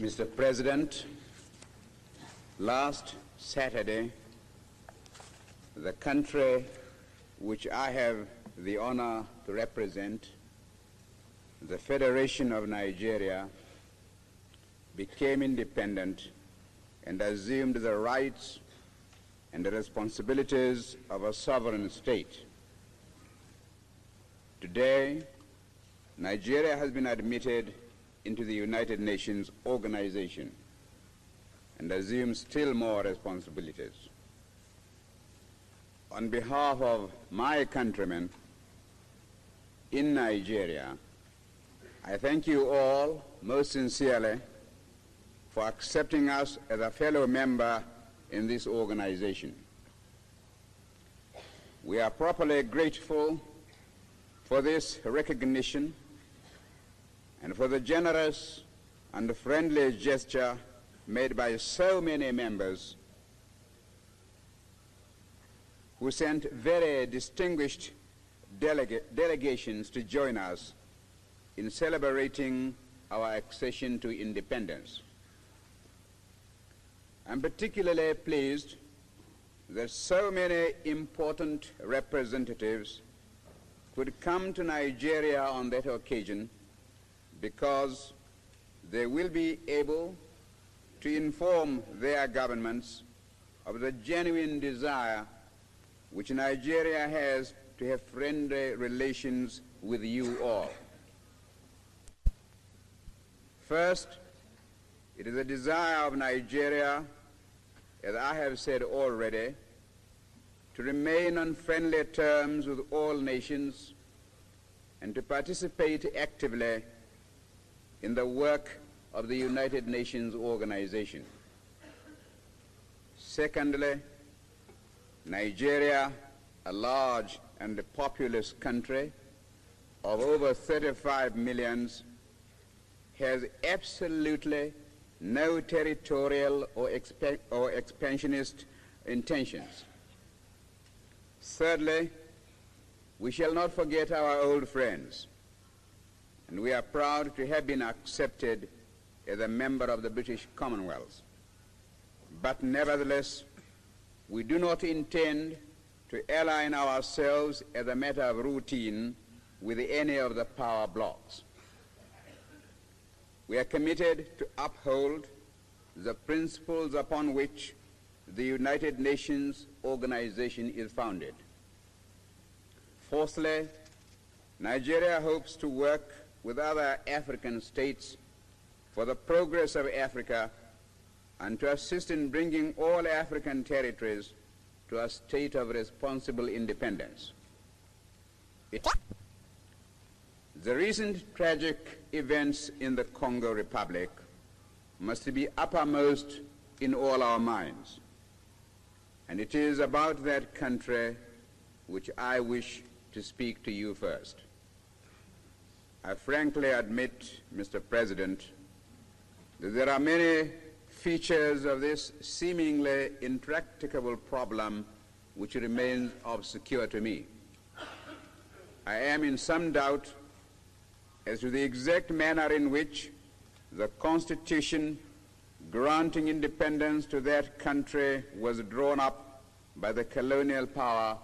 Mr. President, last Saturday, the country which I have the honor to represent, the Federation of Nigeria, became independent and assumed the rights and the responsibilities of a sovereign state. Today, Nigeria has been admitted into the United Nations organization and assume still more responsibilities. On behalf of my countrymen in Nigeria, I thank you all most sincerely for accepting us as a fellow member in this organization. We are properly grateful for this recognition and for the generous and friendly gesture made by so many members who sent very distinguished delega delegations to join us in celebrating our accession to independence. I'm particularly pleased that so many important representatives could come to Nigeria on that occasion because they will be able to inform their governments of the genuine desire which Nigeria has to have friendly relations with you all. First, it is a desire of Nigeria, as I have said already, to remain on friendly terms with all nations and to participate actively in the work of the United Nations organization. Secondly, Nigeria, a large and populous country of over 35 millions, has absolutely no territorial or, exp or expansionist intentions. Thirdly, we shall not forget our old friends, and we are proud to have been accepted as a member of the British Commonwealth. But nevertheless, we do not intend to align ourselves as a matter of routine with any of the power blocks. We are committed to uphold the principles upon which the United Nations organization is founded. Fourthly, Nigeria hopes to work with other African states for the progress of Africa and to assist in bringing all African territories to a state of responsible independence. It the recent tragic events in the Congo Republic must be uppermost in all our minds. And it is about that country which I wish to speak to you first. I frankly admit, Mr. President, that there are many features of this seemingly intractable problem which remains obscure to me. I am in some doubt as to the exact manner in which the Constitution granting independence to that country was drawn up by the colonial power